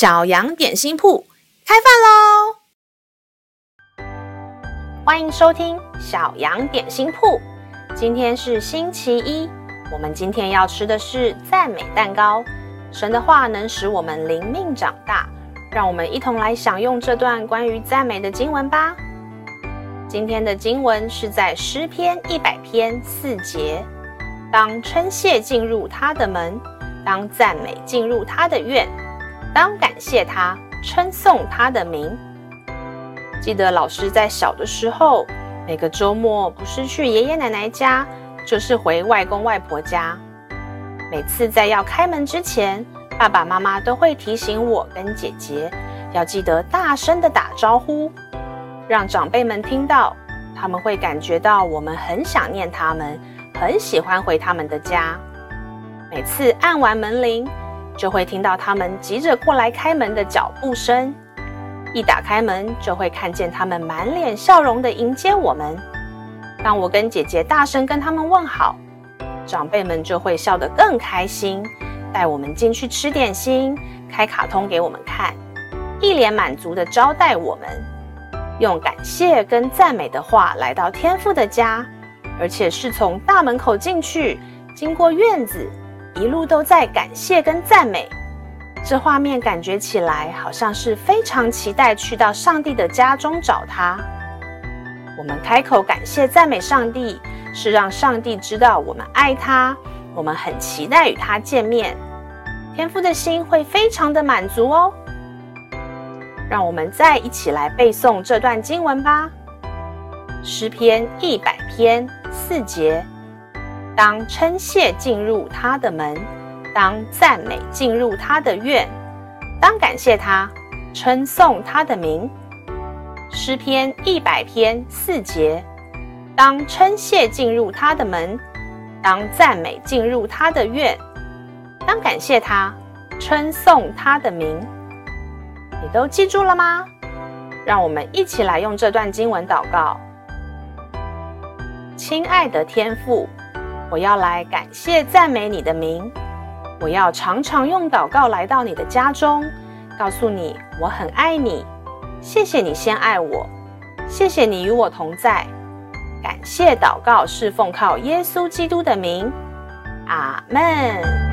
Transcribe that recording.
小羊點心鋪開飯嘍！歡迎收聽小羊點心鋪。今天是星期一，我們今天要吃的是讚美蛋糕。神的話能使我們靈命長大，讓我們一同來享用這段關於讚美的經文吧。今天的經文是在詩篇一百篇四節：當稱謝進入他的門，當讚美進入他的院。當感謝他，稱頌他的名。記得老師在小的時候，每個周末不是去爺爺奶奶家，就是回外公外婆家。每次在要開門之前，爸爸媽媽都會提醒我跟姐姐，要記得大聲地打招呼，讓長輩們聽到，他們會感覺到我們很想念他們，很喜歡回他們的家。每次按完門鈴。就會聽到他們急着過來開門的腳步聲，一打開門就會看見他們滿臉笑容的迎接我們。當我跟姐姐大聲跟他們問好，長輩們就會笑得更開心，帶我們進去吃點心，開卡通給我們看，一臉滿足的招待我們，用感謝跟讚美的話來到天父的家，而且是從大門口進去，經過院子。一路都在感謝跟讚美，這畫面感覺起來好像是非常期待去到上帝的家中找他。我們開口感謝讚美上帝，是讓上帝知道我們愛他，我們很期待與他見面。天父的心會非常的滿足哦。讓我們再一起來背誦這段經文吧，《詩篇》一百篇四節。當稱謝進入他的門，當讚美進入他的院，當感謝他，稱頌他的名。詩篇一百篇四節，當稱謝進入他的門，當讚美進入他的院，當感謝他，稱頌他的名。你都記住了嗎？讓我們一起來用這段經文禱告。親愛的天父。我要來感謝讚美你的名，我要常常用禱告來到你的家中，告訴你我很愛你，謝謝你先愛我，謝謝你與我同在，感謝禱告是奉靠耶穌基督的名，阿門。